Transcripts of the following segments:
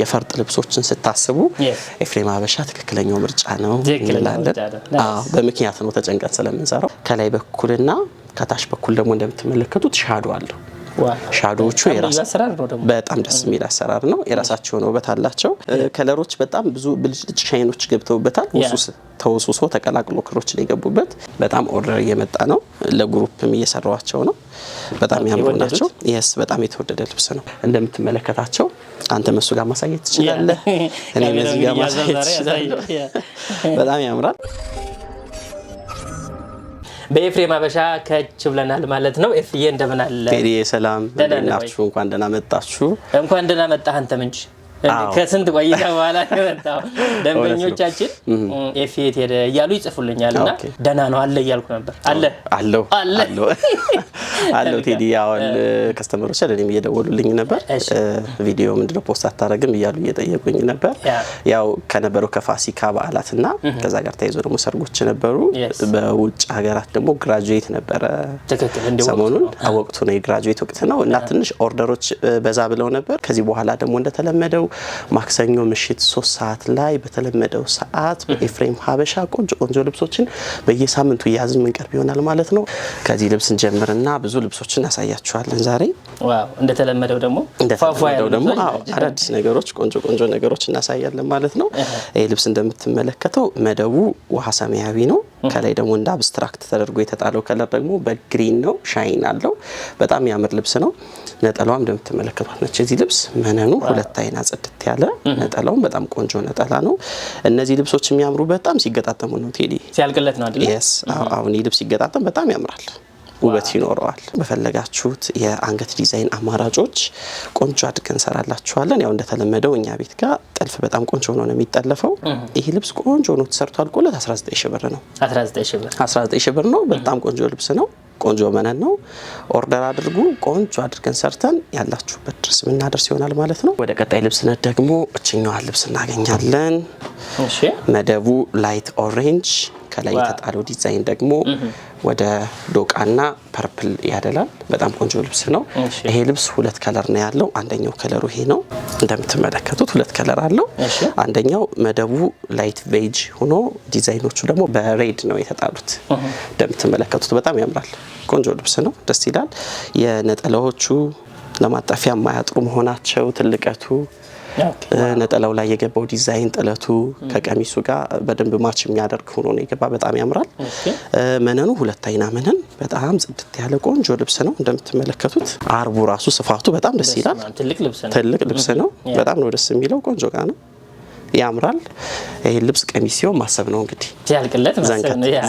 የፈርጥ ልብሶችን ስታስቡ ኤፍሬም ሀበሻ ትክክለኛው ምርጫ ነው እንላለን። በምክንያት ነው ተጨንቀን ስለምንሰራው። ከላይ በኩልና ከታች በኩል ደግሞ እንደምትመለከቱት ሻዶ አለው። ሻዶዎቹ በጣም ደስ የሚል አሰራር ነው። የራሳቸው ነው ውበት አላቸው። ከለሮች በጣም ብዙ ብልጭልጭ ሻይኖች ገብተውበታል። ውሱስ ተወሱሶ ተቀላቅሎ ክሮች ነው የገቡበት። በጣም ኦርደር እየመጣ ነው። ለግሩፕም እየሰራዋቸው ነው። በጣም ያምሩ ናቸው። ይህስ በጣም የተወደደ ልብስ ነው። እንደምትመለከታቸው አንተ መሱ ጋር ማሳየት ትችላለህ። እኔ እነዚህ ጋር ማሳየት ትችላለህ። በጣም ያምራል። በኤፍሬም አበሻ ከች ብለናል ማለት ነው። ኤፍዬ እንደምን አለ? ሰላም ናችሁ? እንኳን ደህና መጣችሁ። እንኳን ደህና መጣህ አንተ ምንጭ ከስንት ቆይታ በኋላ የመጣው ደንበኞቻችን ኤፌት ሄደ እያሉ ይጽፉልኛል እና ደህና ነው አለ እያልኩ ነበር። አለ አለው አለው ቴዲ አሁን ከስተመሮች ለእኔም እየደወሉልኝ ነበር። ቪዲዮ ምንድነው ፖስት አታረግም እያሉ እየጠየቁኝ ነበር። ያው ከነበረው ከፋሲካ በዓላት እና ከዛ ጋር ተያይዞ ደግሞ ሰርጎች ነበሩ። በውጭ ሀገራት ደግሞ ግራጁዌት ነበረ ሰሞኑን ወቅቱ ነው የግራጁዌት ወቅት ነው እና ትንሽ ኦርደሮች በዛ ብለው ነበር። ከዚህ በኋላ ደግሞ እንደተለመደው ማክሰኞ ምሽት ሶስት ሰዓት ላይ በተለመደው ሰዓት በኤፍሬም ሀበሻ ቆንጆ ቆንጆ ልብሶችን በየሳምንቱ እያዝን የምንቀርብ ይሆናል ማለት ነው። ከዚህ ልብስ እንጀምርና ብዙ ልብሶችን እናሳያችኋለን ዛሬ እንደተለመደው ደግሞ እንደተለመደው ደግሞ አዳዲስ ነገሮች ቆንጆ ቆንጆ ነገሮች እናሳያለን ማለት ነው። ይህ ልብስ እንደምትመለከተው መደቡ ውሃ ሰማያዊ ነው። ከላይ ደግሞ እንደ አብስትራክት ተደርጎ የተጣለው ከለር ደግሞ በግሪን ነው። ሻይን አለው። በጣም ያምር ልብስ ነው። ነጠላዋም እንደምትመለከቷት ነች። እዚህ ልብስ መነኑ ሁለት አይና ጽድት ያለ ነጠላውም በጣም ቆንጆ ነጠላ ነው። እነዚህ ልብሶች የሚያምሩ በጣም ሲገጣጠሙ ነው ቴዲ ሲያልቅለት ነው አይደል? አሁን ይህ ልብስ ሲገጣጠም በጣም ያምራል። ውበት ይኖረዋል። በፈለጋችሁት የአንገት ዲዛይን አማራጮች ቆንጆ አድርገን እንሰራላችኋለን። ያው እንደተለመደው እኛ ቤት ጋር ጥልፍ በጣም ቆንጆ ሆኖ ነው የሚጠለፈው። ይህ ልብስ ቆንጆ ሆኖ ተሰርቶ አልቆለት 19 ሺህ ብር ነው። 19 ብር ነው። በጣም ቆንጆ ልብስ ነው። ቆንጆ መነን ነው። ኦርደር አድርጉ። ቆንጆ አድርገን ሰርተን ያላችሁበት ድረስ የምናደርስ ይሆናል ማለት ነው። ወደ ቀጣይ ልብስነት ደግሞ እችኛዋን ልብስ እናገኛለን። መደቡ ላይት ኦሬንጅ፣ ከላይ የተጣለው ዲዛይን ደግሞ ወደ ዶቃና ፐርፕል ያደላል። በጣም ቆንጆ ልብስ ነው። ይሄ ልብስ ሁለት ከለር ነው ያለው። አንደኛው ከለሩ ይሄ ነው እንደምትመለከቱት፣ ሁለት ከለር አለው። አንደኛው መደቡ ላይት ቬጅ ሆኖ ዲዛይኖቹ ደግሞ በሬድ ነው የተጣሉት። እንደምትመለከቱት በጣም ያምራል። ቆንጆ ልብስ ነው። ደስ ይላል። የነጠላዎቹ ለማጣፊያ የማያጥሩ መሆናቸው ትልቀቱ ነጠላው ላይ የገባው ዲዛይን ጥለቱ ከቀሚሱ ጋር በደንብ ማች የሚያደርግ ሆኖ ነው የገባ። በጣም ያምራል። መነኑ ሁለት አይና መነን፣ በጣም ጽድት ያለ ቆንጆ ልብስ ነው። እንደምትመለከቱት አርቡ ራሱ ስፋቱ በጣም ደስ ይላል። ትልቅ ልብስ ነው። በጣም ነው ደስ የሚለው። ቆንጆ ጋ ነው ያምራል። ይህ ልብስ ቀሚስ ሲሆን ማሰብ ነው እንግዲህ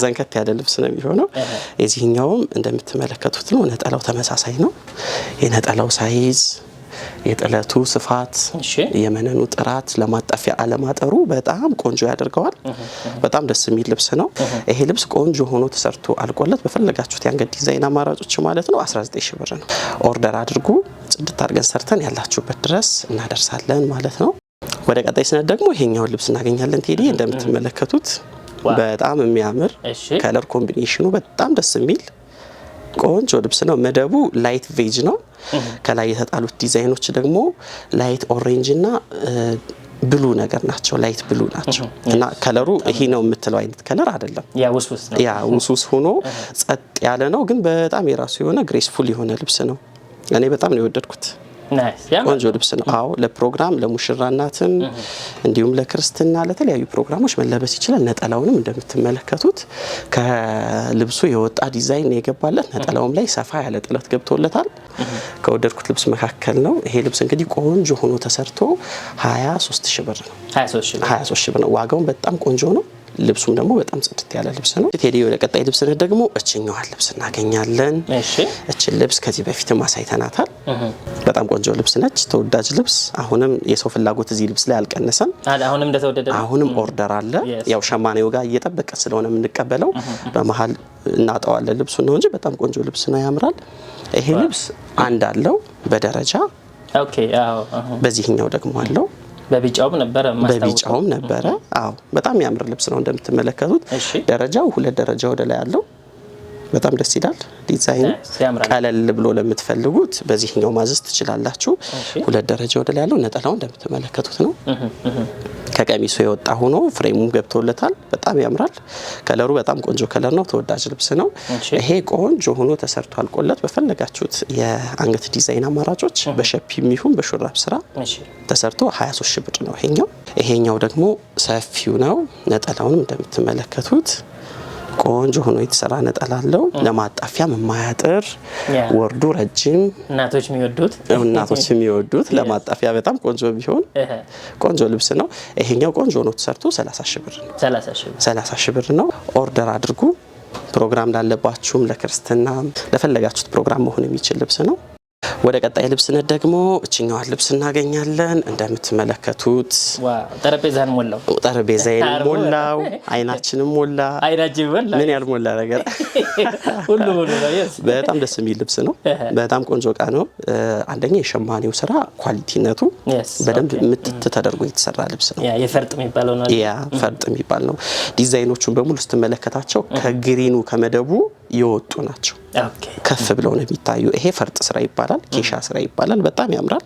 ዘንከት ያለ ልብስ ነው የሚሆነው። የዚህኛውም እንደምትመለከቱት ነው። ነጠላው ተመሳሳይ ነው። የነጠላው ሳይዝ የጥለቱ ስፋት፣ የመነኑ ጥራት ለማጣፊያ አለማጠሩ በጣም ቆንጆ ያደርገዋል። በጣም ደስ የሚል ልብስ ነው። ይሄ ልብስ ቆንጆ ሆኖ ተሰርቶ አልቆለት በፈለጋችሁት የአንገት ዲዛይን አማራጮች ማለት ነው 19 ሺ ብር ነው። ኦርደር አድርጉ። ጽድት አድርገን ሰርተን ያላችሁበት ድረስ እናደርሳለን ማለት ነው። ወደ ቀጣይ ስነት ደግሞ ይሄኛውን ልብስ እናገኛለን። ቴዲ እንደምትመለከቱት በጣም የሚያምር ከለር ኮምቢኔሽኑ በጣም ደስ የሚል ቆንጆ ልብስ ነው። መደቡ ላይት ቬጅ ነው። ከላይ የተጣሉት ዲዛይኖች ደግሞ ላይት ኦሬንጅ እና ብሉ ነገር ናቸው። ላይት ብሉ ናቸው እና ከለሩ ይሄ ነው የምትለው አይነት ከለር አይደለም። ያ ውስውስ ሆኖ ጸጥ ያለ ነው፣ ግን በጣም የራሱ የሆነ ግሬስፉል የሆነ ልብስ ነው። እኔ በጣም ነው የወደድኩት። ቆንጆ ልብስ ነው። አዎ ለፕሮግራም ለሙሽራናትም፣ እንዲሁም ለክርስትና ለተለያዩ ፕሮግራሞች መለበስ ይችላል። ነጠላውንም እንደምትመለከቱት ከልብሱ የወጣ ዲዛይን የገባለት ነጠላውም ላይ ሰፋ ያለ ጥለት ገብቶለታል። ከወደድኩት ልብስ መካከል ነው። ይሄ ልብስ እንግዲህ ቆንጆ ሆኖ ተሰርቶ 23 ሺህ ብር ነው። 23 ሺህ ብር ነው። ዋጋውን በጣም ቆንጆ ነው። ልብሱም ደግሞ በጣም ጽድት ያለ ልብስ ነው። ቴዲ ወደ ቀጣይ ልብስነት ደግሞ እችኛዋን ልብስ እናገኛለን። እችን ልብስ ከዚህ በፊትም አሳይተናታል። በጣም ቆንጆ ልብስ ነች፣ ተወዳጅ ልብስ። አሁንም የሰው ፍላጎት እዚህ ልብስ ላይ አልቀነሰም። አሁንም ኦርደር አለ። ያው ሸማኔው ጋር እየጠበቀ ስለሆነ የምንቀበለው በመሀል እናጠዋለን ልብሱ ነው እንጂ በጣም ቆንጆ ልብስ ነው፣ ያምራል ይሄ ልብስ አንድ አለው በደረጃ በዚህኛው ደግሞ አለው በቢጫውም ነበረ በቢጫውም ነበረ። አዎ በጣም ያምር ልብስ ነው እንደምትመለከቱት። ደረጃው ሁለት ደረጃ ወደ ላይ አለው። በጣም ደስ ይላል ዲዛይን። ቀለል ብሎ ለምትፈልጉት በዚህኛው ማዘዝ ትችላላችሁ። ሁለት ደረጃ ወደ ላይ ያለው ነጠላው እንደምትመለከቱት ነው። ከቀሚሱ የወጣ ሆኖ ፍሬሙ ገብቶለታል። በጣም ያምራል። ከለሩ በጣም ቆንጆ ከለር ነው። ተወዳጅ ልብስ ነው። ይሄ ቆንጆ ሆኖ ተሰርቶ አልቆለት በፈለጋችሁት የአንገት ዲዛይን አማራጮች በሸፒም ይሁን በሹራብ ስራ ተሰርቶ 23 ሺህ ብር ነው ይሄኛው። ይሄኛው ደግሞ ሰፊው ነው። ነጠላውንም እንደምትመለከቱት ቆንጆ ሆኖ የተሰራ ነጠላ አለው። ለማጣፊያም የማያጥር ወርዱ ረጅም እናቶች የሚወዱት እናቶች የሚወዱት ለማጣፊያ በጣም ቆንጆ ቢሆን ቆንጆ ልብስ ነው። ይሄኛው ቆንጆ ሆኖ ተሰርቶ 30 ሺህ ብር ነው። 30 ሺህ ብር ነው። ኦርደር አድርጉ። ፕሮግራም ላለባችሁም፣ ለክርስትና ለፈለጋችሁት ፕሮግራም መሆን የሚችል ልብስ ነው። ወደ ቀጣይ ልብስነ ደግሞ እችኛዋን ልብስ እናገኛለን። እንደምትመለከቱት ጠረጴዛን ሞላው፣ ጠረጴዛን ሞላው፣ አይናችንም ሞላ። ምን ያልሞላ ነገር በጣም ደስ የሚል ልብስ ነው። በጣም ቆንጆ እቃ ነው። አንደኛ የሸማኔው ስራ ኳሊቲነቱ በደንብ ምትት mm. ተደርጎ የተሰራ ልብስ ነው። ፈርጥ የሚባል ነው። ዲዛይኖቹን በሙሉ ስትመለከታቸው mm. ከግሪኑ ከመደቡ የወጡ ናቸው። ከፍ ብለው ነው የሚታዩ። ይሄ ፈርጥ ስራ ይባላል። ይባላል። ኬሻ ስራ ይባላል። በጣም ያምራል።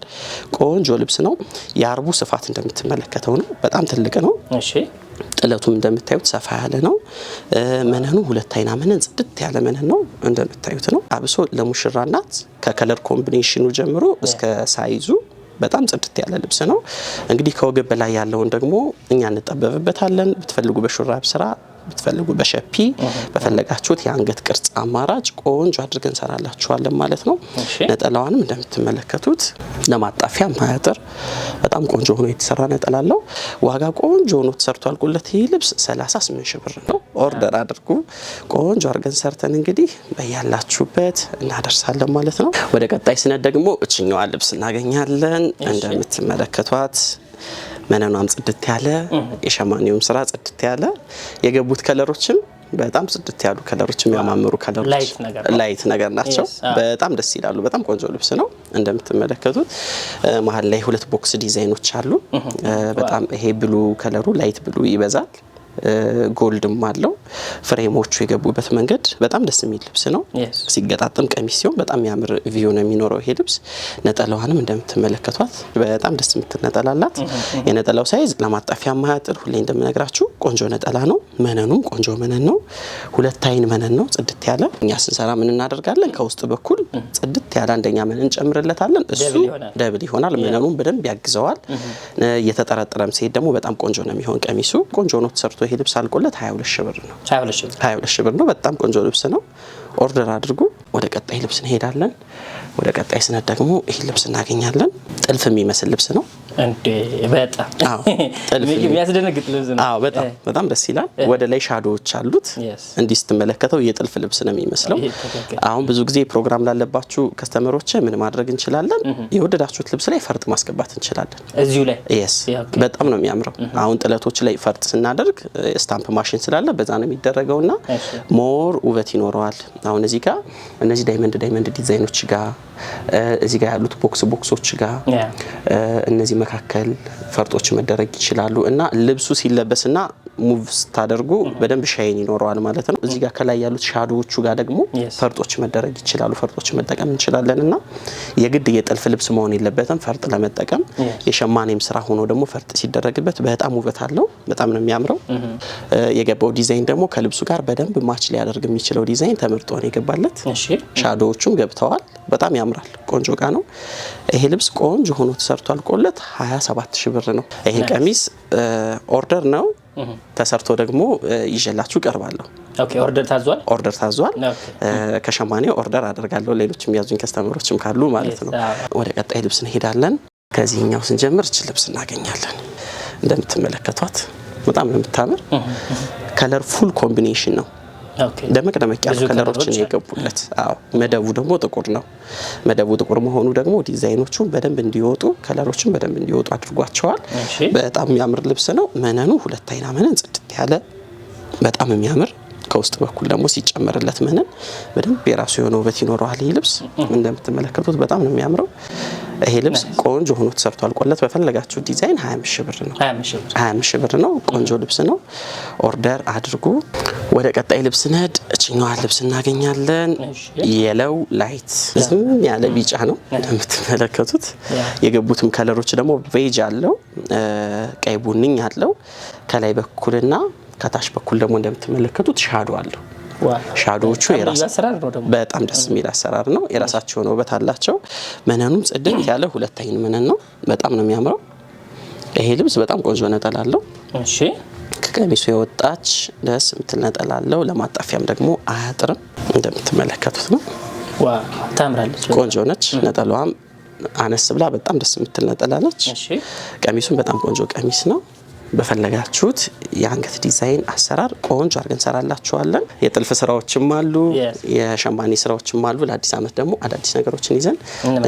ቆንጆ ልብስ ነው። የአርቡ ስፋት እንደምትመለከተው ነው። በጣም ትልቅ ነው። ጥለቱም እንደምታዩት ሰፋ ያለ ነው። መነኑ ሁለት አይና መነን ጽድት ያለ መነን ነው እንደምታዩት ነው። አብሶ ለሙሽራ ናት ከከለር ኮምቢኔሽኑ ጀምሮ እስከ ሳይዙ በጣም ጽድት ያለ ልብስ ነው። እንግዲህ ከወገብ በላይ ያለውን ደግሞ እኛ እንጠበብበታለን። ብትፈልጉ በሹራብ ስራ ብትፈልጉ በሸፒ በፈለጋችሁት የአንገት ቅርጽ አማራጭ ቆንጆ አድርገን እንሰራላችኋለን ማለት ነው። ነጠላዋንም እንደምትመለከቱት ለማጣፊያ ማያጥር በጣም ቆንጆ ሆኖ የተሰራ ነጠላ አለው። ዋጋ ቆንጆ ሆኖ ተሰርቷል። ቁለት ይህ ልብስ 38 ሽብር ብር ነው። ኦርደር አድርጉ። ቆንጆ አድርገን ሰርተን እንግዲህ በያላችሁበት እናደርሳለን ማለት ነው። ወደ ቀጣይ ስነት ደግሞ እችኛዋ ልብስ እናገኛለን እንደምትመለከቷት መነኗም ጽድት ያለ የሸማኔውም ስራ ጽድት ያለ የገቡት ከለሮችም በጣም ጽድት ያሉ ከለሮች የሚያማምሩ ከለሮች ላይት ነገር ናቸው። በጣም ደስ ይላሉ። በጣም ቆንጆ ልብስ ነው። እንደምትመለከቱት መሀል ላይ ሁለት ቦክስ ዲዛይኖች አሉ። በጣም ይሄ ብሉ ከለሩ ላይት ብሉ ይበዛል። ጎልድም አለው። ፍሬሞቹ የገቡበት መንገድ በጣም ደስ የሚል ልብስ ነው። ሲገጣጠም ቀሚስ ሲሆን በጣም የሚያምር ቪው ነው የሚኖረው ይሄ ልብስ። ነጠላዋንም እንደምትመለከቷት በጣም ደስ የምትል ነጠላላት። የነጠላው ሳይዝ ለማጣፊያ ማያጥር፣ ሁሌ እንደምነግራችሁ ቆንጆ ነጠላ ነው። መነኑም ቆንጆ መነን ነው። ሁለት አይን መነን ነው፣ ጽድት ያለ። እኛ ስንሰራ ምን እናደርጋለን? ከውስጥ በኩል ጽድት ያለ አንደኛ መነን እንጨምርለታለን። እሱ ደብል ይሆናል። መነኑም በደንብ ያግዘዋል። እየተጠረጠረም ሲሄድ ደግሞ በጣም ቆንጆ ነው የሚሆን ቀሚሱ። ቆንጆ ነው ተሰርቶ ይሄ ልብስ አልቆለት 22 ሺህ ብር ነው። 22 ሺህ ብር ነው። በጣም ቆንጆ ልብስ ነው። ኦርደር አድርጉ። ወደ ቀጣይ ልብስ እንሄዳለን። ወደ ቀጣይ ስነት ደግሞ ይህን ልብስ እናገኛለን። ጥልፍ የሚመስል ልብስ ነው። የሚያስደነግጥ በጣም ደስ ይላል። ወደ ላይ ሻዶዎች አሉት። እንዲህ ስትመለከተው የጥልፍ ልብስ ነው የሚመስለው። አሁን ብዙ ጊዜ ፕሮግራም ላለባችሁ ከስተመሮች ምን ማድረግ እንችላለን? የወደዳችሁት ልብስ ላይ ፈርጥ ማስገባት እንችላለን። እዚሁ ላይ በጣም ነው የሚያምረው። አሁን ጥለቶች ላይ ፈርጥ ስናደርግ ስታምፕ ማሽን ስላለ በዛ ነው የሚደረገውና ሞር ውበት ይኖረዋል። ማለት ነው። አሁን እዚህ ጋር እነዚህ ዳይመንድ ዳይመንድ ዲዛይኖች ጋር እዚህ ጋር ያሉት ቦክስ ቦክሶች ጋር እነዚህ መካከል ፈርጦች መደረግ ይችላሉ እና ልብሱ ሲለበስና ሙቭ ስታደርጉ በደንብ ሻይን ይኖረዋል ማለት ነው። እዚህ ጋር ከላይ ያሉት ሻዶዎቹ ጋር ደግሞ ፈርጦች መደረግ ይችላሉ። ፈርጦች መጠቀም እንችላለን እና የግድ የጥልፍ ልብስ መሆን የለበትም። ፈርጥ ለመጠቀም የሸማኔም ስራ ሆኖ ደግሞ ፈርጥ ሲደረግበት በጣም ውበት አለው። በጣም ነው የሚያምረው። የገባው ዲዛይን ደግሞ ከልብሱ ጋር በደንብ ማች ሊያደርግ የሚችለው ዲዛይን ተመርጦ ነው የገባለት። ሻዶዎቹም ገብተዋል። በጣም ያምራል። ቆንጆ እቃ ነው። ይሄ ልብስ ቆንጆ ሆኖ ተሰርቷል። ቆለት 27 ሺ ብር ነው። ይሄ ቀሚስ ኦርደር ነው ተሰርቶ ደግሞ ይዤላችሁ ቀርባለሁ። ኦርደር ታዟል፣ ኦርደር ታዟል። ከሸማኔ ኦርደር አደርጋለሁ። ሌሎች የሚያዙኝ ከስተመሮችም ካሉ ማለት ነው። ወደ ቀጣይ ልብስ እንሄዳለን። ከዚህኛው ስንጀምር እችን ልብስ እናገኛለን። እንደምትመለከቷት በጣም ነው የምታምር። ከለር ፉል ኮምቢኔሽን ነው ደመቅ ደመቅ ያሉ ከለሮችን የገቡለት። አዎ መደቡ ደግሞ ጥቁር ነው። መደቡ ጥቁር መሆኑ ደግሞ ዲዛይኖቹን በደንብ እንዲወጡ ከለሮችን በደንብ እንዲወጡ አድርጓቸዋል። በጣም የሚያምር ልብስ ነው። መነኑ ሁለት አይና መነን ጽድት ያለ በጣም የሚያምር ከውስጥ በኩል ደግሞ ሲጨመርለት ምህንን በደንብ የራሱ የሆነ ውበት ይኖረዋል። ይህ ልብስ እንደምትመለከቱት በጣም ነው የሚያምረው። ይሄ ልብስ ቆንጆ ሆኖ ተሰርቷል። ቆለት በፈለጋችሁ ዲዛይን 25 ብር ነው። 25 ብር ነው። ቆንጆ ልብስ ነው። ኦርደር አድርጉ። ወደ ቀጣይ ልብስ ነድ እችኛዋን ልብስ እናገኛለን። የለው ላይት ዝም ያለ ቢጫ ነው እንደምትመለከቱት። የገቡትም ከለሮች ደግሞ ቬጅ አለው፣ ቀይ ቡኒኝ አለው ከላይ በኩልና ከታች በኩል ደግሞ እንደምትመለከቱት ሻዶ አለው። ሻዶዎቹ በጣም ደስ የሚል አሰራር ነው። የራሳቸው ውበት አላቸው። መነኑም ጽድት ያለ ሁለት አይን መነን ነው። በጣም ነው የሚያምረው። ይሄ ልብስ በጣም ቆንጆ ነጠላ አለው። ከቀሚሱ የወጣች ደስ የምትል ነጠላ አለው። ለማጣፊያም ደግሞ አያጥርም። እንደምትመለከቱት ነው። ታምራለች፣ ቆንጆ ነች። ነጠላዋም አነስ ብላ በጣም ደስ የምትል ነጠላ ነች። ቀሚሱም በጣም ቆንጆ ቀሚስ ነው። በፈለጋችሁት የአንገት ዲዛይን አሰራር ቆንጆ አድርገን እንሰራላችኋለን። የጥልፍ ስራዎችም አሉ፣ የሸማኔ ስራዎችም አሉ። ለአዲስ አመት ደግሞ አዳዲስ ነገሮችን ይዘን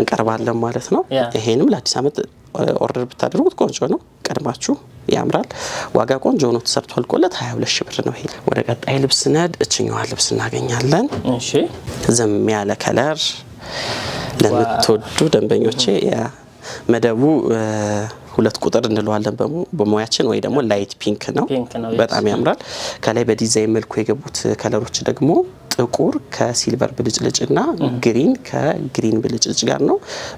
እንቀርባለን ማለት ነው። ይሄንም ለአዲስ ዓመት ኦርደር ብታደርጉት ቆንጆ ነው። ቀድማችሁ ያምራል። ዋጋ ቆንጆ ሆኖ ተሰርቶ አልቆለት 22 ሺ ብር ነው። ይሄ ወደ ቀጣይ ልብስ ነድ እችኛዋ ልብስ እናገኛለን። ዝም ያለ ከለር ለምትወዱ ደንበኞቼ መደቡ ሁለት ቁጥር እንለዋለን በሙያችን ወይ ደግሞ ላይት ፒንክ ነው። በጣም ያምራል። ከላይ በዲዛይን መልኩ የገቡት ከለሮች ደግሞ ጥቁር ከሲልቨር ብልጭልጭ እና ግሪን ከግሪን ብልጭልጭ ጋር ነው።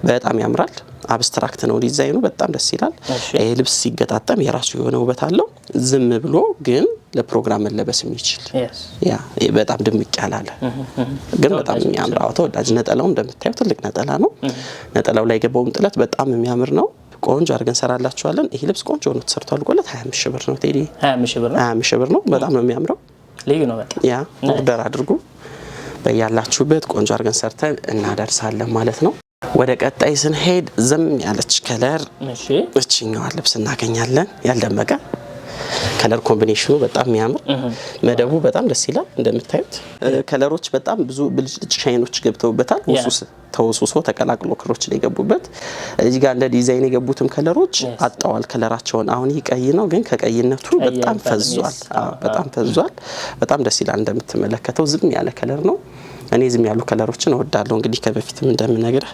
በጣም ያምራል። አብስትራክት ነው ዲዛይኑ፣ በጣም ደስ ይላል። ይህ ልብስ ሲገጣጠም የራሱ የሆነ ውበት አለው። ዝም ብሎ ግን ለፕሮግራም መለበስ የሚችል ያ በጣም ድምቅ ያላለ ግን በጣም የሚያምር ተወዳጅ ነጠላው እንደምታየው ትልቅ ነጠላ ነው። ነጠላው ላይ የገባውም ጥለት በጣም የሚያምር ነው። ቆንጆ አድርገን እንሰራላችኋለን። ይሄ ልብስ ቆንጆ ነው ተሰርቶ አልቆለት 25 ሺህ ብር ነው ቴዲ፣ 25 ሺህ ብር ነው። በጣም ነው የሚያምረው። ልዩ ነው በጣም ያ ኦርደር አድርጉ። በያላችሁበት ቆንጆ አድርገን ሰርተን እናደርሳለን ማለት ነው። ወደ ቀጣይ ስንሄድ ዝም ያለች ከለር እችኛዋን ልብስ እናገኛለን ያልደመቀ ከለር ኮምቢኔሽኑ በጣም የሚያምር መደቡ በጣም ደስ ይላል። እንደምታዩት ከለሮች በጣም ብዙ ብልጭልጭ ሻይኖች ገብተውበታል። ውሱስ ተወሱሶ ተቀላቅሎ ክሮች ላይ የገቡበት። እዚህ ጋር እንደ ዲዛይን የገቡትም ከለሮች አጠዋል ከለራቸውን። አሁን ይህ ቀይ ነው፣ ግን ከቀይነቱ በጣም ፈዟል። በጣም ፈዟል። በጣም ደስ ይላል። እንደምትመለከተው ዝም ያለ ከለር ነው። እኔ ዝም ያሉ ከለሮችን እወዳለሁ። እንግዲህ ከበፊትም እንደምነግርህ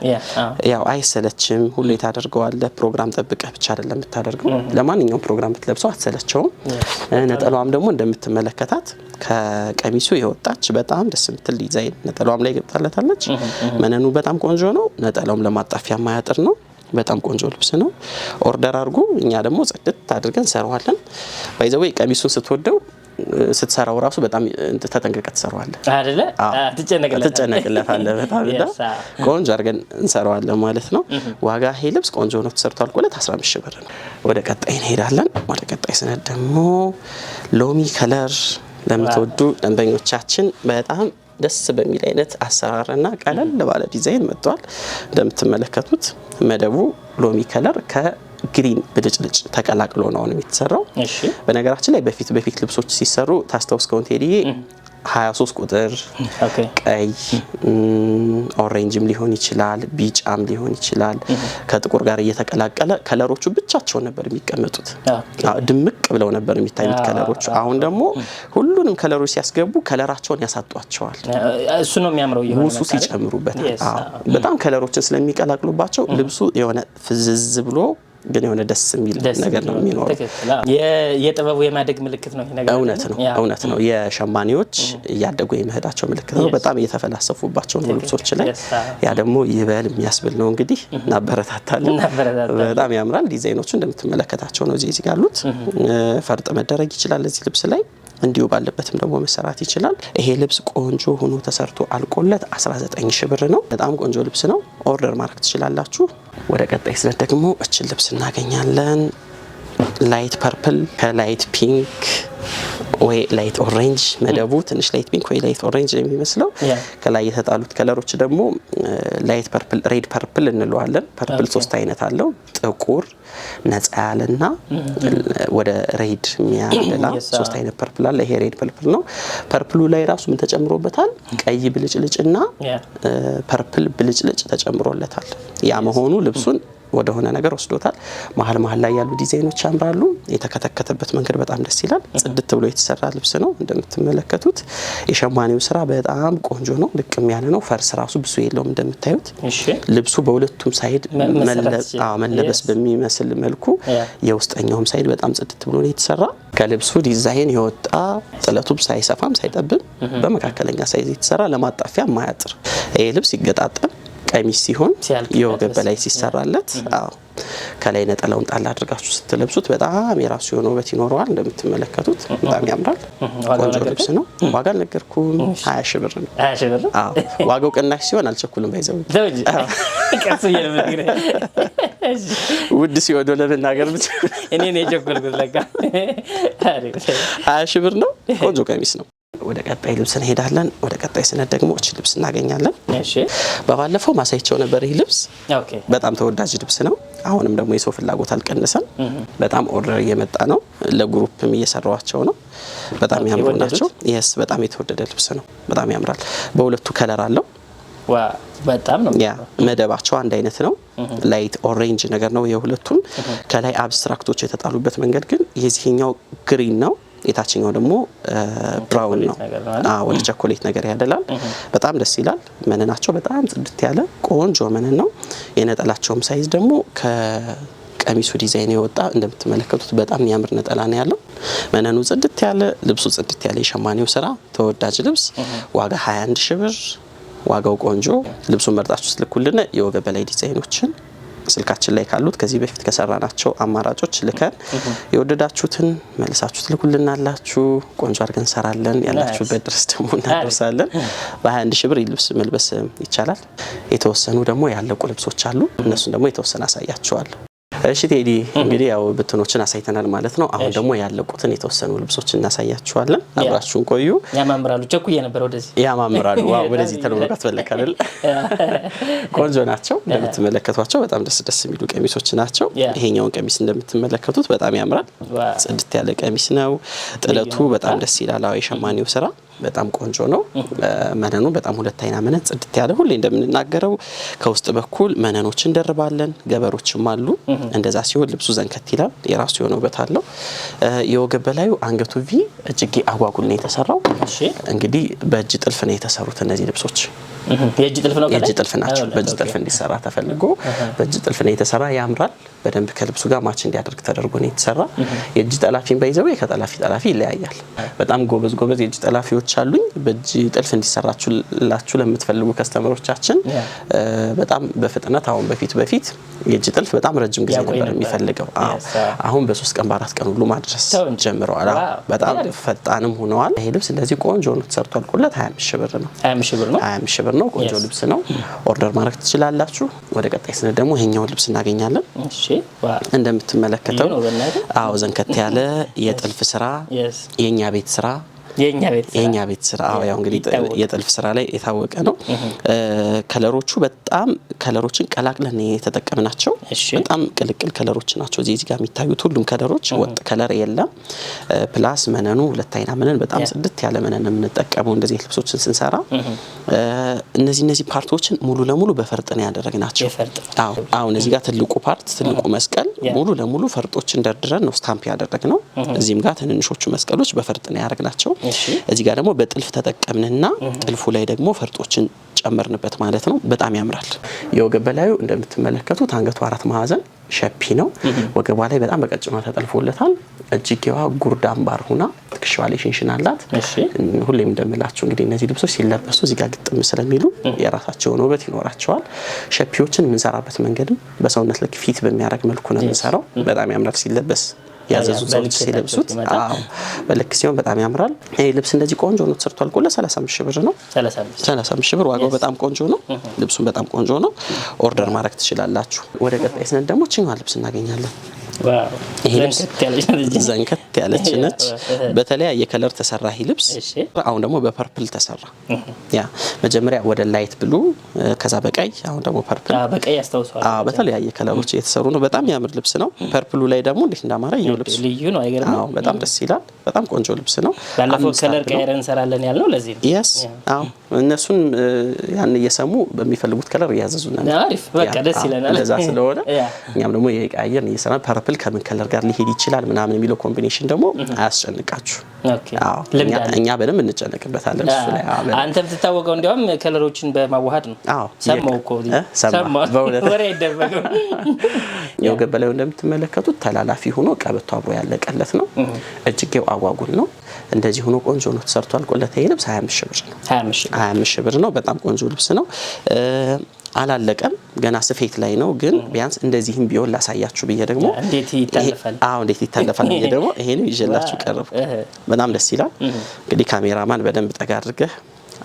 ያው አይሰለችም፣ ሁሌ ታደርገዋለህ። ፕሮግራም ጠብቀህ ብቻ አይደለም የምታደርገው፣ ለማንኛውም ፕሮግራም ብትለብሰው አትሰለቸውም። ነጠላዋም ደግሞ እንደምትመለከታት ከቀሚሱ የወጣች በጣም ደስ የምትል ዲዛይን ነጠላዋም ላይ ገብታለታለች። መነኑ በጣም ቆንጆ ነው። ነጠላውም ለማጣፊያ ማያጥር ነው። በጣም ቆንጆ ልብስ ነው። ኦርደር አድርጉ። እኛ ደግሞ ጽድት አድርገን እንሰራዋለን። ባይዘወይ ቀሚሱን ስትወደው ስትሰራው ራሱ በጣም ተጠንቅቀ ትሰራዋለህ ትጨነቅለታለ በጣም እና ቆንጆ አድርገን እንሰራዋለን ማለት ነው። ዋጋ ይሄ ልብስ ቆንጆ ሆኖ ተሰርቷል። ቆለት 15 ሺህ ብር ነው። ወደ ቀጣይ እንሄዳለን። ወደ ቀጣይ ስነት ደግሞ ሎሚ ከለር ለምትወዱ ደንበኞቻችን በጣም ደስ በሚል አይነት አሰራርና ቀለል ባለ ዲዛይን መጥቷል። እንደምትመለከቱት መደቡ ሎሚ ከለር ከ ግሪን ብልጭልጭ ተቀላቅሎ ነው አሁን የተሰራው። በነገራችን ላይ በፊት በፊት ልብሶች ሲሰሩ ታስታውስ ከሆን ቴዲዬ 23 ቁጥር ቀይ ኦሬንጅም ሊሆን ይችላል፣ ቢጫም ሊሆን ይችላል። ከጥቁር ጋር እየተቀላቀለ ከለሮቹ ብቻቸውን ነበር የሚቀመጡት፣ ድምቅ ብለው ነበር የሚታዩት ከለሮቹ። አሁን ደግሞ ሁሉንም ከለሮች ሲያስገቡ ከለራቸውን ያሳጧቸዋል። እሱ ነው የሚያምረው፣ ውሱ ሲጨምሩበት በጣም ከለሮችን ስለሚቀላቅሉባቸው ልብሱ የሆነ ፍዝዝ ብሎ ግን የሆነ ደስ የሚል ነገር ነው የሚኖረው። የጥበቡ የማደግ ምልክት ነው ነገር እውነት ነው እውነት ነው። የሸማኔዎች እያደጉ የመሄዳቸው ምልክት ነው። በጣም እየተፈላሰፉባቸው ነው ልብሶች ላይ። ያ ደግሞ ይበል የሚያስብል ነው እንግዲህ እናበረታታለን። በጣም ያምራል። ዲዛይኖቹ እንደምትመለከታቸው ነው እዚህ ጋር ያሉት። ፈርጥ መደረግ ይችላል እዚህ ልብስ ላይ እንዲሁ ባለበትም ደግሞ መሰራት ይችላል። ይሄ ልብስ ቆንጆ ሆኖ ተሰርቶ አልቆለት 19 ሺ ብር ነው። በጣም ቆንጆ ልብስ ነው። ኦርደር ማድረግ ትችላላችሁ። ወደ ቀጣይ ስለት ደግሞ እችን ልብስ እናገኛለን። ላይት ፐርፕል ከላይት ፒንክ ወይ ላይት ኦሬንጅ መደቡ ትንሽ ላይት ፒንክ ወይ ላይት ኦሬንጅ የሚመስለው ከላይ የተጣሉት ከለሮች ደግሞ ላይት ፐርፕል፣ ሬድ ፐርፕል እንለዋለን። ፐርፕል ሶስት አይነት አለው። ጥቁር ነጻ ያለና ወደ ሬድ የሚያደላ ሶስት አይነት ፐርፕል አለ። ይሄ ሬድ ፐርፕል ነው። ፐርፕሉ ላይ ራሱ ምን ተጨምሮበታል? ቀይ ብልጭልጭና ፐርፕል ብልጭልጭ ተጨምሮለታል። ያ መሆኑ ልብሱን ወደሆነ ነገር ወስዶታል። መሀል መሀል ላይ ያሉ ዲዛይኖች ያምራሉ። የተከተከተበት መንገድ በጣም ደስ ይላል። ጽድት ብሎ የተሰራ ልብስ ነው እንደምትመለከቱት። የሸማኔው ስራ በጣም ቆንጆ ነው። ልቅም ያለ ነው። ፈርስ ራሱ ብዙ የለውም እንደምታዩት። ልብሱ በሁለቱም ሳይድ መለበስ በሚመስል መልኩ የውስጠኛውም ሳይድ በጣም ጽድት ብሎ ነው የተሰራ። ከልብሱ ዲዛይን የወጣ ጥለቱም ሳይሰፋም ሳይጠብም በመካከለኛ ሳይዝ የተሰራ ለማጣፊያ ማያጥር ይህ ልብስ ይገጣጠም ቀሚስ ሲሆን የወገብ በላይ ሲሰራለት፣ አዎ ከላይ ነጠላውን ጣል አድርጋችሁ ስትለብሱት በጣም የራሱ የሆነ ውበት ይኖረዋል። እንደምትመለከቱት በጣም ያምራል። ቆንጆ ልብስ ነው። ዋጋ አልነገርኩም። ሀያ ሺህ ብር ነው። ዋጋው ቅናሽ ሲሆን አልቸኩልም። ባይዘው ውድ ሲሆን ለመናገር ብቻ እኔ የቸኮልኩት ለካ ሀያ ሺህ ብር ነው። ቆንጆ ቀሚስ ነው። ወደ ቀጣይ ልብስ እንሄዳለን። ወደ ቀጣይ ስነት ደግሞ እች ልብስ እናገኛለን። በባለፈው ማሳይቸው ነበር። ይህ ልብስ በጣም ተወዳጅ ልብስ ነው። አሁንም ደግሞ የሰው ፍላጎት አልቀንሰም። በጣም ኦርደር እየመጣ ነው። ለግሩፕም እየሰራዋቸው ነው። በጣም ያምሩ ናቸው። ይስ በጣም የተወደደ ልብስ ነው። በጣም ያምራል። በሁለቱ ከለር አለው። በጣም ነው ያ መደባቸው አንድ አይነት ነው። ላይት ኦሬንጅ ነገር ነው የሁለቱም። ከላይ አብስትራክቶች የተጣሉበት መንገድ ግን የዚህኛው ግሪን ነው የታችኛው ደግሞ ብራውን ነው፣ ወደ ቸኮሌት ነገር ያደላል። በጣም ደስ ይላል። መነናቸው በጣም ጽድት ያለ ቆንጆ መነን ነው። የነጠላቸውም ሳይዝ ደግሞ ከቀሚሱ ዲዛይን የወጣ እንደምትመለከቱት በጣም የሚያምር ነጠላ ነው ያለው። መነኑ ጽድት ያለ፣ ልብሱ ጽድት ያለ፣ የሸማኔው ስራ ተወዳጅ ልብስ ዋጋ 21 ሺ ብር ዋጋው ቆንጆ ልብሱን መርጣችሁ ስልኩልን። የወገብ በላይ ዲዛይኖችን ስልካችን ላይ ካሉት ከዚህ በፊት ከሰራናቸው አማራጮች ልከን የወደዳችሁትን መልሳችሁ ትልኩልናላችሁ። ቆንጆ አድርገን እንሰራለን። ያላችሁበት ድረስ ደግሞ እናደርሳለን። በ21 ብር ልብስ መልበስ ይቻላል። የተወሰኑ ደግሞ ያለቁ ልብሶች አሉ። እነሱን ደግሞ የተወሰነ አሳያችኋለሁ። እሺ ቴዲ እንግዲህ ያው ብትኖችን አሳይተናል ማለት ነው። አሁን ደግሞ ያለቁትን የተወሰኑ ልብሶች እናሳያችኋለን። አብራችሁን ቆዩ። ያማምራሉ። ቸኩዬ ነበር ወደዚህ ያማምራሉ። ወደዚህ ተለመቃት ፈለግ ቆንጆ ናቸው። እንደምትመለከቷቸው በጣም ደስ ደስ የሚሉ ቀሚሶች ናቸው። ይሄኛውን ቀሚስ እንደምትመለከቱት በጣም ያምራል። ጽድት ያለ ቀሚስ ነው። ጥለቱ በጣም ደስ ይላል። የሸማኔው ስራ በጣም ቆንጆ ነው። መነኑ በጣም ሁለት አይና መነን ጽድት ያለ ሁሌ እንደምንናገረው ከውስጥ በኩል መነኖች እንደርባለን። ገበሮችም አሉ። እንደዛ ሲሆን ልብሱ ዘንከት ይላል። የራሱ የሆነ ውበት አለው። የወገብ በላዩ አንገቱ ቪ እጅጌ አጓጉል ነው የተሰራው። እንግዲህ በእጅ ጥልፍ ነው የተሰሩት እነዚህ ልብሶች። የእጅ ጥልፍ ናቸው። በእጅ ጥልፍ እንዲሰራ ተፈልጎ በእጅ ጥልፍ ነው የተሰራ። ያምራል። በደንብ ከልብሱ ጋር ማች እንዲያደርግ ተደርጎ ነው የተሰራ። የእጅ ጠላፊን በይዘው ከጠላፊ ጠላፊ ይለያያል። በጣም ጎበዝ ጎበዝ የእጅ ጠላፊዎች አሉኝ። በእጅ ጥልፍ እንዲሰራችሁላችሁ ለምትፈልጉ ከስተመሮቻችን በጣም በፍጥነት አሁን በፊት በፊት የእጅ ጥልፍ በጣም ረጅም ጊዜ ነበር የሚፈልገው። አሁን በሶስት ቀን በአራት ቀን ሁሉ ማድረስ ጀምረዋል። በጣም ፈጣንም ሆነዋል። ይሄ ልብስ እንደዚህ ቆንጆ ነው ተሰርቶ አልቆለት ሀያ አምስት ሺህ ብር ነው። ሀያ አምስት ሺህ ብር ነው። ቆንጆ ልብስ ነው። hmm. ኦርደር ማድረግ ትችላላችሁ። ወደ ቀጣይ ስነ ደግሞ ይሄኛውን ልብስ እናገኛለን። እንደምትመለከተው አዎ ዘንከት ያለ የጥልፍ ስራ የእኛ ቤት ስራ የእኛ ቤት ስራ ያው እንግዲህ የጥልፍ ስራ ላይ የታወቀ ነው። ከለሮቹ በጣም ከለሮችን ቀላቅለን የተጠቀምናቸው በጣም ቅልቅል ከለሮች ናቸው። እዚህ ጋር የሚታዩት ሁሉም ከለሮች ወጥ ከለር የለም። ፕላስ መነኑ ሁለት አይና መነን በጣም ጽድት ያለ መነን የምንጠቀመው እንደዚህ ልብሶችን ስንሰራ እነዚህ እነዚህ ፓርቶችን ሙሉ ለሙሉ በፈርጥ ነው አዎ፣ አሁን እዚህ ጋር ትልቁ ፓርት ትልቁ መስቀል ሙሉ ለሙሉ ፈርጦችን ደርድረን ነው ስታምፕ ያደረግ ነው። እዚህም ጋር ትንንሾቹ መስቀሎች በፈርጥ ነው ናቸው። እዚህ ጋር ደግሞ በጥልፍ ተጠቀምንና ጥልፉ ላይ ደግሞ ፈርጦችን ጨመርንበት ማለት ነው። በጣም ያምራል። የወገብ በላዩ እንደምትመለከቱት አንገቱ አራት ማዕዘን ሸፒ ነው። ወገቧ ላይ በጣም በቀጭኗ ተጠልፎለታል። እጅጌዋ ጉርድ አምባር ሁና ትከሻዋ ላይ ሽንሽን አላት። ሁሌም እንደምላችሁ እንግዲህ እነዚህ ልብሶች ሲለበሱ እዚጋ ግጥም ስለሚሉ የራሳቸውን ውበት ይኖራቸዋል። ሸፒዎችን የምንሰራበት መንገድም በሰውነት ልክ ፊት በሚያደርግ መልኩ ነው የምንሰራው። በጣም ያምራል ሲለበስ ያዘዙት ሰዎች ሲለብሱት በልክ ሲሆን በጣም ያምራል። ይህ ልብስ እንደዚህ ቆንጆ ነው ተሰርቷል። ቆለ 35 ሺህ ብር ነው። 35 ሺህ ብር ዋጋው በጣም ቆንጆ ነው። ልብሱም በጣም ቆንጆ ነው። ኦርደር ማድረግ ትችላላችሁ። ወደ ቀጣይ ስነት ደግሞ ችኛዋ ልብስ እናገኛለን። ዘንከት ያለች ነች። በተለያየ ከለር ተሰራ ይህ ልብስ። አሁን ደግሞ በፐርፕል ተሰራ። ያ መጀመሪያ ወደ ላይት ብሉ፣ ከዛ በቀይ አሁን ደግሞ ፐርፕል በቀይ በተለያየ ከለሮች የተሰሩ ነው። በጣም ያምር ልብስ ነው። ፐርፕሉ ላይ ደግሞ እንዴት እንዳማረ ይኸው ልብስ ልዩ ነው። አይገርም? በጣም ደስ ይላል። በጣም ቆንጆ ልብስ ነው። ባለፈው ከለር ቀይረ እንሰራለን ያልነው ለዚህ ነው። እነሱን ያን እየሰሙ በሚፈልጉት ከለር እያዘዙናል። አሪፍ በቃ ደስ ይለናል። እንደዛ ስለሆነ እኛም ደግሞ የቀያየርን እየሰራ ፐርፕል ከምን ከለር ጋር ሊሄድ ይችላል ምናምን የሚለው ኮምቢኔሽን ደግሞ አያስጨንቃችሁ። እኛ በደንብ እንጨነቅበታለን እሱ ላይ። አንተ የምትታወቀው እንዲያውም ከለሮችን በማዋሃድ ነው። ሰማሁ እኮ ወሬ አይደረግም። የወገብ በላዩ እንደምትመለከቱት ተላላፊ ሆኖ ቀበቶ አብሮ ያለቀለት ነው። እጅጌው አጓጉል ነው። እንደዚህ ሆኖ ቆንጆ ነው ተሰርቷል። ቆለተ ልብስ 25 ሺህ ብር ነው። በ25 ሺህ ብር ነው። በጣም ቆንጆ ልብስ ነው። አላለቀም ገና ስፌት ላይ ነው። ግን ቢያንስ እንደዚህም ቢሆን ላሳያችሁ ብዬ ደግሞ እንዴት ይታለፋል ብዬ ደግሞ ይሄን ይዤላችሁ ቀረብኩ። በጣም ደስ ይላል። እንግዲህ ካሜራማን በደንብ ጠጋ አድርገህ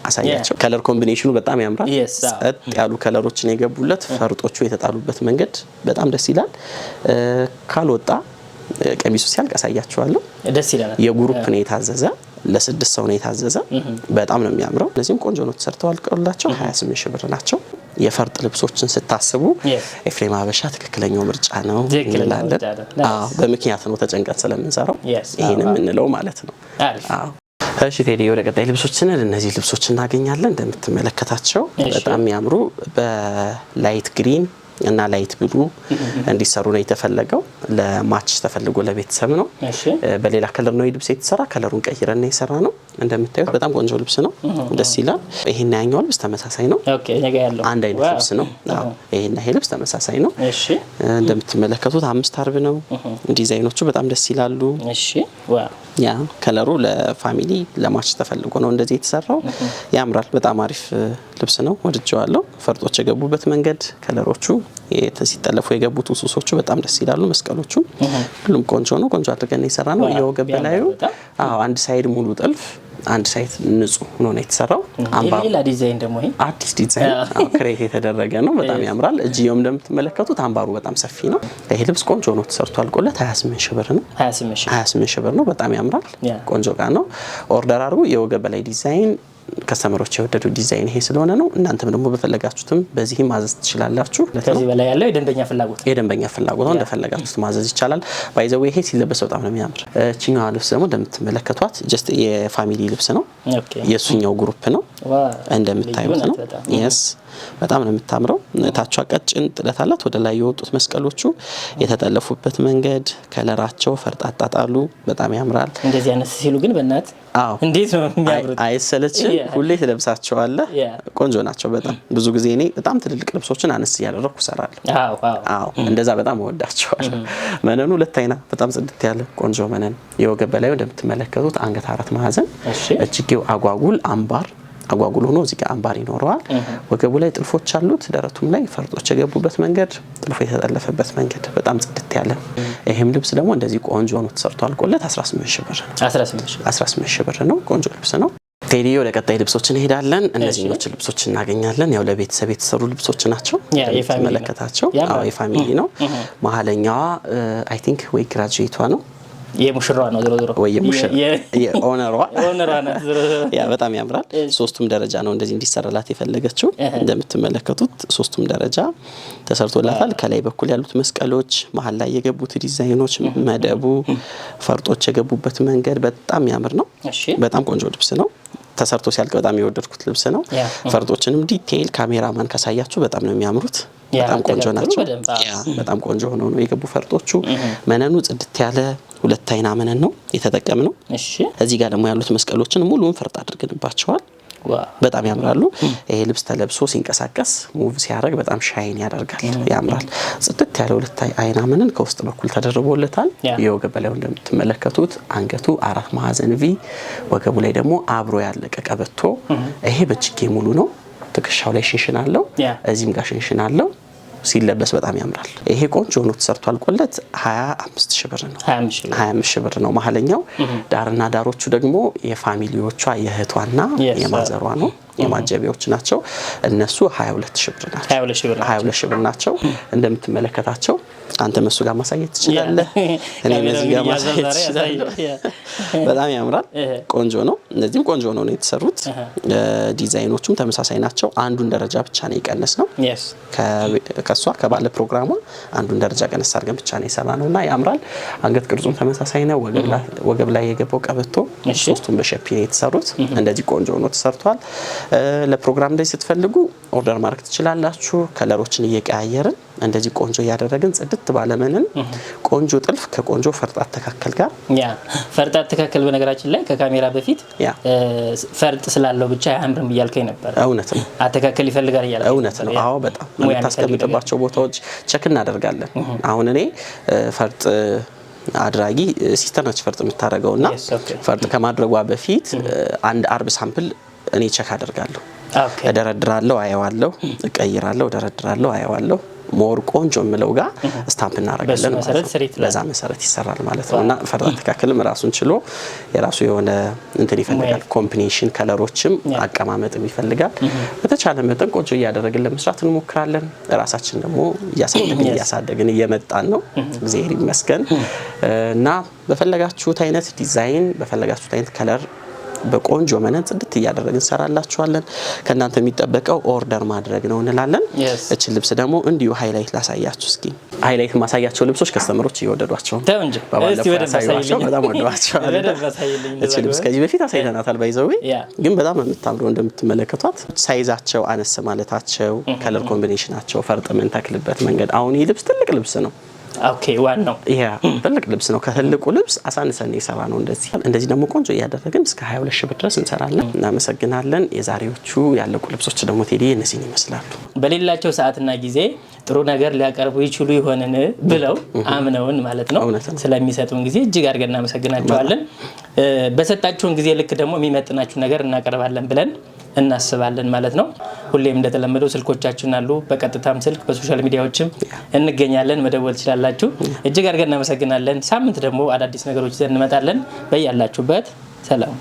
አሳያቸው። ከለር ኮምቢኔሽኑ በጣም ያምራል። ጸጥ ያሉ ከለሮችን የገቡለት ፈርጦቹ የተጣሉበት መንገድ በጣም ደስ ይላል። ካልወጣ ቀሚሱ ሲያልቅ አሳያችኋለሁ። ደስ ይላል። የግሩፕ ነው የታዘዘ ለስድስት ሰው ነው የታዘዘ። በጣም ነው የሚያምረው። እነዚህም ቆንጆ ነው ተሰርተው አልቀላቸው 28 ሺ ብር ናቸው። የፈርጥ ልብሶችን ስታስቡ ኤፍሬም ሀበሻ ትክክለኛው ምርጫ ነው እንላለን። በምክንያት ነው ተጨንቀን ስለምንሰራው ይህንም እንለው ማለት ነው። እሺ ቴዲ፣ ወደ ቀጣይ ልብሶች ስንል እነዚህ ልብሶች እናገኛለን። እንደምትመለከታቸው በጣም የሚያምሩ በላይት ግሪን እና ላይት ብሉ እንዲሰሩ ነው የተፈለገው። ለማች ተፈልጎ ለቤተሰብ ነው። በሌላ ከለር ነው ልብስ የተሰራ። ከለሩን ቀይረን ነው የሰራ ነው። እንደምታዩት በጣም ቆንጆ ልብስ ነው፣ ደስ ይላል። ይሄን ያኛው ልብስ ተመሳሳይ ነው፣ አንድ አይነት ልብስ ነው። ይሄና ይሄ ልብስ ተመሳሳይ ነው። እንደምትመለከቱት አምስት አርብ ነው። ዲዛይኖቹ በጣም ደስ ይላሉ። ያ ከለሩ ለፋሚሊ ለማች ተፈልጎ ነው እንደዚህ የተሰራው። ያምራል። በጣም አሪፍ ልብስ ነው፣ ወድጀዋለሁ። ፈርጦች የገቡበት መንገድ፣ ከለሮቹ ሲጠለፉ የገቡት ውሱሶቹ በጣም ደስ ይላሉ። መስቀሎቹ ሁሉም ቆንጆ ነው። ቆንጆ አድርገን የሰራ ነው። የወገብ በላዩ አንድ ሳይድ ሙሉ ጥልፍ አንድ ሳይት ንጹህ ሆኖ ነው የተሰራው። ዲዛይን ደግሞ አዲስ ዲዛይን ክሬት የተደረገ ነው። በጣም ያምራል። እጅየውም እንደምትመለከቱት አንባሩ በጣም ሰፊ ነው። ይሄ ልብስ ቆንጆ ነው ተሰርቶ አልቆለት 28 ሺህ ብር ነው። 28 ሺህ ብር ነው። በጣም ያምራል። ቆንጆ እቃ ነው። ኦርደር አድርጉ። የወገብ በላይ ዲዛይን ከስተመሮች የወደዱ ዲዛይን ይሄ ስለሆነ ነው። እናንተም ደግሞ በፈለጋችሁትም በዚህ ማዘዝ ትችላላችሁ። ከዚህ በላይ ያለው የደንበኛ ፍላጎት የደንበኛ ፍላጎት እንደፈለጋችሁት ማዘዝ ይቻላል። ባይዘው ይሄ ሲለበስ በጣም ነው የሚያምር። እችኛዋ ልብስ ደግሞ እንደምትመለከቷት ጀስት የፋሚሊ ልብስ ነው። የእሱኛው ግሩፕ ነው እንደምታዩት ነው ስ በጣም ነው የምታምረው። ታቿ ቀጭን ጥለት አላት። ወደ ላይ የወጡት መስቀሎቹ የተጠለፉበት መንገድ ከለራቸው ፈርጣጣ ጣሉ፣ በጣም ያምራል። እንደዚህ አነስ ሲሉ ግን በእናት እንዴት ነው የሚያምሩት! አይሰለችም። ሁሌ ትለብሳቸዋለህ። ቆንጆ ናቸው በጣም ብዙ ጊዜ እኔ በጣም ትልልቅ ልብሶችን አነስ እያደረኩ እሰራለሁ። አዎ እንደዛ በጣም እወዳቸዋለሁ። መነኑ ሁለት አይና በጣም ጽድት ያለ ቆንጆ መነን የወገብ በላዩ እንደምትመለከቱት አንገት አራት ማዕዘን እጅጌው አጓጉል አምባር አጓጉል ሆኖ እዚህ ጋር አምባር ይኖረዋል። ወገቡ ላይ ጥልፎች አሉት። ደረቱም ላይ ፈርጦች የገቡበት መንገድ፣ ጥልፎ የተጠለፈበት መንገድ በጣም ጽድት ያለ ይህም ልብስ ደግሞ እንደዚህ ቆንጆ ሆኖ ተሰርቶ አልቆለት 18 ሺህ ብር ነው። 18 ሺህ ብር ነው። ቆንጆ ልብስ ነው። ቴዲ ወደ ቀጣይ ልብሶች እንሄዳለን። እነዚህኞች ልብሶች እናገኛለን። ያው ለቤተሰብ የተሰሩ ልብሶች ናቸው። የተመለከታቸው የፋሚሊ ነው። መሀለኛዋ አይ ቲንክ ወይ ግራጁዌቷ ነው የሙሽራ ነው ዞሮ ዞሮ ወይ በጣም ያምራል። ሶስቱም ደረጃ ነው እንደዚህ እንዲሰራላት የፈለገችው። እንደምትመለከቱት ሶስቱም ደረጃ ተሰርቶላታል። ከላይ በኩል ያሉት መስቀሎች፣ መሀል ላይ የገቡት ዲዛይኖች፣ መደቡ፣ ፈርጦች የገቡበት መንገድ በጣም ያምር ነው። በጣም ቆንጆ ልብስ ነው። ተሰርቶ ሲያልቅ በጣም የወደድኩት ልብስ ነው። ፈርጦችንም ዲቴይል ካሜራማን ካሳያችሁ በጣም ነው የሚያምሩት። በጣም ቆንጆ ናቸው። በጣም ቆንጆ ሆነው ነው የገቡ ፈርጦቹ። መነኑ ጽድት ያለ ሁለት አይና መነን ነው ነው እዚህ ጋር ደግሞ ያሉት መስቀሎችን ሙሉውን ፈርጥ አድርገንባቸዋል። በጣም ያምራሉ። ይሄ ልብስ ተለብሶ ሲንቀሳቀስ ሙቭ ሲያደርግ በጣም ሻይን ያደርጋል፣ ያምራል። ጽድት ያለ ሁለት አይና መነን ከውስጥ በኩል ተደርቦለታል። የወገብ በላዩ እንደምትመለከቱት አንገቱ አራት ማዕዘን ቪ፣ ወገቡ ላይ ደግሞ አብሮ ያለቀ ቀበቶ። ይሄ በእጅጌ ሙሉ ነው። ትከሻው ላይ ሽንሽን አለው፣ እዚህም ጋር ሽንሽን አለው። ሲለበስ በጣም ያምራል። ይሄ ቆንጆ ሆኖ ተሰርቶ አልቆለት 25 ብር ነው። 25 ብር ነው መሀለኛው። ዳርና ዳሮቹ ደግሞ የፋሚሊዎቿ የእህቷና የማዘሯ ነው። የማጀቢያዎች ናቸው። እነሱ 22 ሺህ ብር ናቸው። 22 ሺህ ብር ናቸው። እንደምትመለከታቸው አንተ መሱ ጋር ማሳየት ትችላለህ። እኔ እነዚህ ጋር ማሳየት ትችላለህ። በጣም ያምራል። ቆንጆ ነው። እነዚህም ቆንጆ ነው ነው የተሰሩት። ዲዛይኖቹም ተመሳሳይ ናቸው። አንዱን ደረጃ ብቻ ነው የቀነስ ነው ከእሷ ከባለ ፕሮግራሟ አንዱን ደረጃ ቀነስ አድርገን ብቻ ነው የሰራ ነው እና ያምራል። አንገት ቅርጹም ተመሳሳይ ነው። ወገብ ላይ የገባው ቀበቶ ሶስቱም በሸፒ ነው የተሰሩት። እንደዚህ ቆንጆ ነው ተሰርቷል። ለፕሮግራም ላይ ስትፈልጉ ኦርደር ማድረግ ትችላላችሁ። ከለሮችን እየቀያየርን እንደዚህ ቆንጆ እያደረግን ጽድት ባለመንን ቆንጆ ጥልፍ ከቆንጆ ፈርጥ አተካከል ጋር ያ ፈርጥ አተካከል በነገራችን ላይ ከካሜራ በፊት ፈርጥ ስላለው ብቻ አያምርም እያልከኝ ነበር። እውነት ነው። አተካከል ይፈልጋል እያልከኝ እውነት ነው። አዎ በጣም የምታስቀምጥባቸው ቦታዎች ቸክ እናደርጋለን። አሁን እኔ ፈርጥ አድራጊ ሲስተር ነች ፈርጥ የምታደርገው እና ፈርጥ ከማድረጓ በፊት አንድ አርብ ሳምፕል እኔ ቸክ አደርጋለሁ፣ እደረድራለሁ፣ አየዋለሁ፣ እቀይራለሁ፣ እደረድራለሁ፣ አየዋለሁ ሞር ቆንጆ የምለው ጋር ስታምፕ እናደርጋለን ለዛ በዛ መሰረት ይሰራል ማለት ነው እና ፈርጣ ተካክልም ራሱን ችሎ የራሱ የሆነ እንትን ይፈልጋል። ኮምቢኔሽን ከለሮችም አቀማመጥም ይፈልጋል። በተቻለ መጠን ቆንጆ እያደረግን ለመስራት እንሞክራለን። ራሳችን ደግሞ እያሳደግን እያሳደግን እየመጣን ነው እግዚአብሔር ይመስገን እና በፈለጋችሁት አይነት ዲዛይን በፈለጋችሁት አይነት ከለር በቆንጆ መነን ጽድት እያደረግን እንሰራላችኋለን። ከእናንተ የሚጠበቀው ኦርደር ማድረግ ነው እንላለን። እችን ልብስ ደግሞ እንዲሁ ሃይላይት ላሳያችሁ እስኪ። ሃይላይት ማሳያቸው ልብሶች ከስተምሮች እየወደዷቸው ሳቸው በጣም ወደዋቸዋል። እች ልብስ ከዚህ በፊት አሳይተናታል። ባይዘዊ ግን በጣም የምታምሩ እንደምትመለከቷት ሳይዛቸው አነስ ማለታቸው፣ ከለር mm-hmm. ኮምቢኔሽናቸው፣ ፈርጥ ምን ተክልበት መንገድ አሁን ይህ ልብስ ትልቅ ልብስ ነው። ዋናው ትልቅ ልብስ ነው። ከትልቁ ልብስ አሳንሰን የሰራ ነው። እንደዚህ እንደዚህ ደግሞ ቆንጆ እያደረግን እስከ 22 ሺ ብር ድረስ እንሰራለን። እናመሰግናለን። የዛሬዎቹ ያለቁ ልብሶች ደግሞ ቴዲ እነዚህን ይመስላሉ። በሌላቸው ሰዓትና ጊዜ ጥሩ ነገር ሊያቀርቡ ይችሉ ይሆንን ብለው አምነውን ማለት ነው ስለሚሰጡን ጊዜ እጅግ አድርገን እናመሰግናቸዋለን። በሰጣችሁን ጊዜ ልክ ደግሞ የሚመጥናችሁ ነገር እናቀርባለን ብለን እናስባለን ማለት ነው። ሁሌም እንደተለመደው ስልኮቻችን አሉ። በቀጥታም ስልክ በሶሻል ሚዲያዎችም እንገኛለን። መደወል ትችላላችሁ። እጅግ አድርገን እናመሰግናለን። ሳምንት ደግሞ አዳዲስ ነገሮች ይዘን እንመጣለን። በያላችሁበት ሰላም